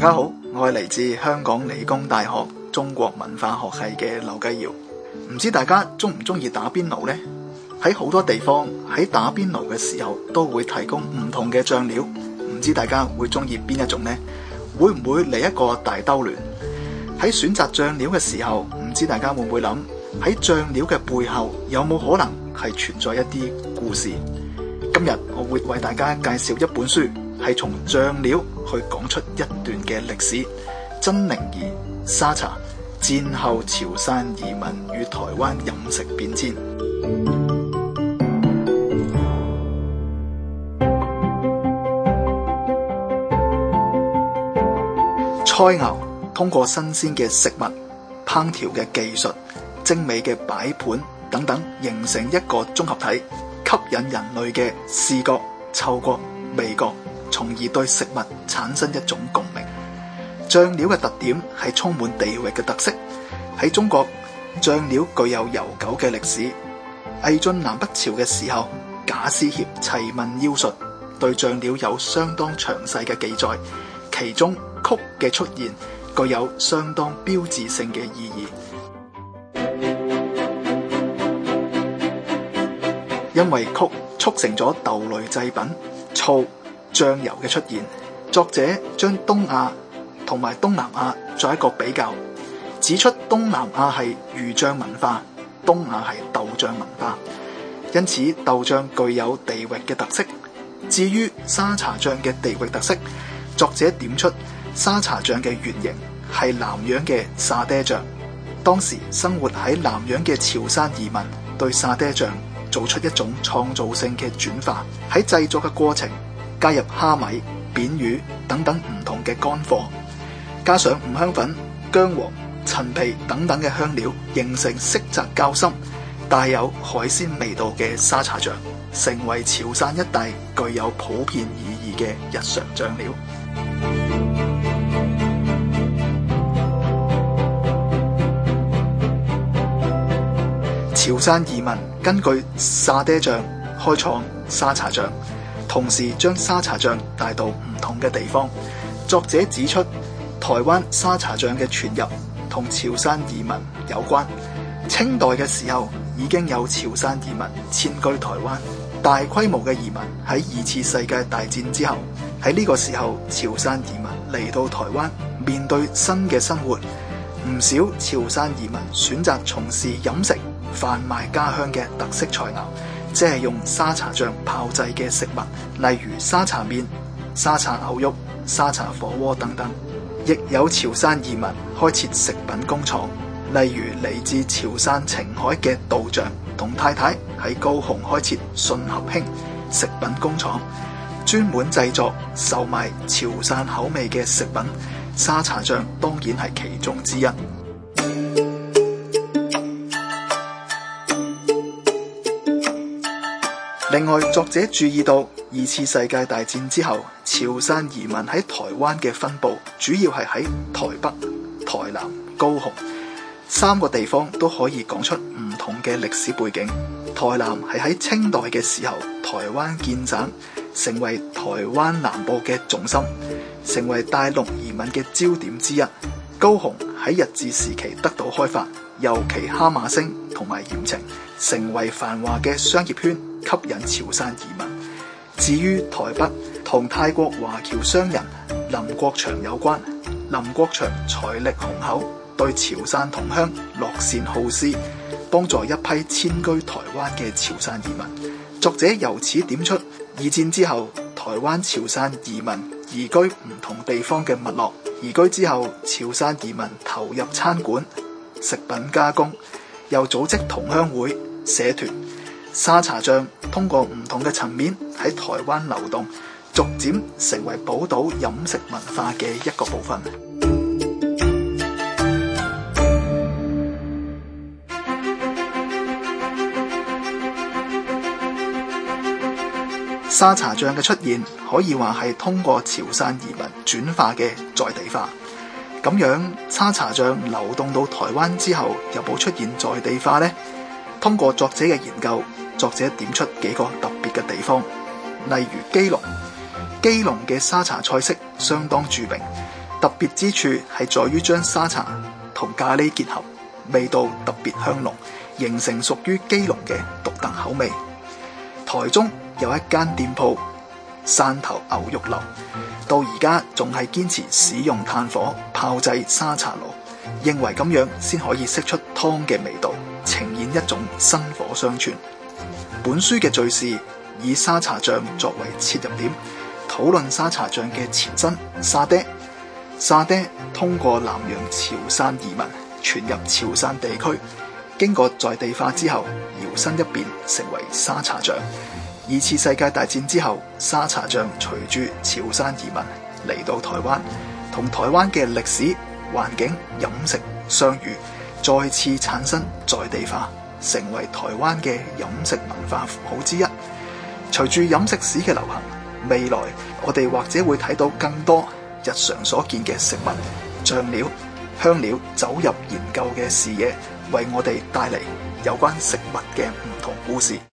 大家好，我係嚟自香港理工大學中國文化學系嘅劉繼堯。唔知大家中唔中意打邊爐呢？喺好多地方喺打邊爐嘅時候都會提供唔同嘅醬料，唔知大家會中意邊一種呢？會唔會嚟一個大兜亂？喺選擇醬料嘅時候，唔知大家會唔會諗喺醬料嘅背後有冇可能係存在一啲故事？今日我會為大家介紹一本書。係從醬料去講出一段嘅歷史。曾齡儀，沙茶，戰後潮汕移民與台灣飲食變遷。菜肴通過新鮮嘅食物、烹調嘅技術、精美嘅擺盤等等，形成一個綜合體，吸引人類嘅視覺、嗅覺、味覺。從而對食物產生一種共鳴。醬料嘅特點係充滿地域嘅特色。喺中國，醬料具有悠久嘅歷史。魏晉南北朝嘅時候，賈思勰齊民要術對醬料有相當詳細嘅記載。其中曲嘅出現具有相當標誌性嘅意義。因為曲促成咗豆類製品、醋。醬油嘅出現，作者將東亞同埋東南亞作一個比較，指出東南亞係魚醬文化，東亞係豆醬文化，因此豆醬具有地域嘅特色。至於沙茶醬嘅地域特色，作者點出沙茶醬嘅原型係南洋嘅沙爹醬，當時生活喺南洋嘅潮汕移民對沙爹醬做出一種創造性嘅轉化，喺製作嘅過程。加入蝦米、扁魚等等唔同嘅乾貨，加上五香粉、薑黃、陳皮等等嘅香料，形成色澤較深、帶有海鮮味道嘅沙茶醬，成為潮汕一帶具有普遍意義嘅日常醬料。潮汕移民根據沙爹醬開創沙茶醬。同時將沙茶醬帶到唔同嘅地方。作者指出，台灣沙茶醬嘅傳入同潮汕移民有關。清代嘅時候已經有潮汕移民遷居台灣，大規模嘅移民喺二次世界大戰之後，喺呢個時候潮汕移民嚟到台灣，面對新嘅生活，唔少潮汕移民選擇從事飲食販賣家鄉嘅特色菜餚。即係用沙茶醬炮製嘅食物，例如沙茶麵、沙茶牛肉、沙茶火鍋等等。亦有潮汕移民開設食品工廠，例如嚟自潮汕澄海嘅杜象同太太喺高雄開設信合興食品工廠，專門製作、售賣潮汕口味嘅食品。沙茶醬當然係其中之一。另外，作者注意到二次世界大戰之後，潮汕移民喺台灣嘅分布，主要係喺台北、台南、高雄三個地方，都可以講出唔同嘅歷史背景。台南係喺清代嘅時候，台灣建省，成為台灣南部嘅重心，成為大陸移民嘅焦點之一。高雄喺日治時期得到開發。尤其哈馬星同埋鹽埕成為繁華嘅商業圈，吸引潮汕移民。至於台北同泰國華僑商人林國祥有關，林國祥財力雄厚，對潮汕同鄉樂善好施，幫助一批遷居台灣嘅潮汕移民。作者由此點出二戰之後台灣潮汕移民移居唔同地方嘅脈絡。移居之後，潮汕移民投入餐館、食品加工，又組織同鄉會、社團，沙茶醬通過唔同嘅層面喺台灣流動，逐漸成為寶島飲食文化嘅一個部分。沙茶醬嘅出現，可以話係通過潮汕移民轉化嘅在地化。咁樣沙茶醬流動到台灣之後，又有冇出現在地化呢？通過作者嘅研究，作者點出幾個特別嘅地方，例如基隆。基隆嘅沙茶菜式相當著名，特別之處係在於將沙茶同咖喱結合，味道特別香濃，形成屬於基隆嘅獨特口味。台中有一間店鋪，汕頭牛肉樓。到而家仲係堅持使用炭火炮製沙茶爐，認為咁樣先可以釋出湯嘅味道，呈現一種薪火相傳。本書嘅敘事以沙茶醬作為切入點，討論沙茶醬嘅前身沙爹。沙爹通過南洋潮汕移民傳入潮汕地區，經過在地化之後，搖身一變成為沙茶醬。二次世界大戰之後，沙茶醬隨住潮汕移民嚟到台灣，同台灣嘅歷史、環境、飲食相遇，再次產生在地化，成為台灣嘅飲食文化符號之一。隨住飲食史嘅流行，未來我哋或者會睇到更多日常所見嘅食物、醬料、香料走入研究嘅視野，為我哋帶嚟有關食物嘅唔同故事。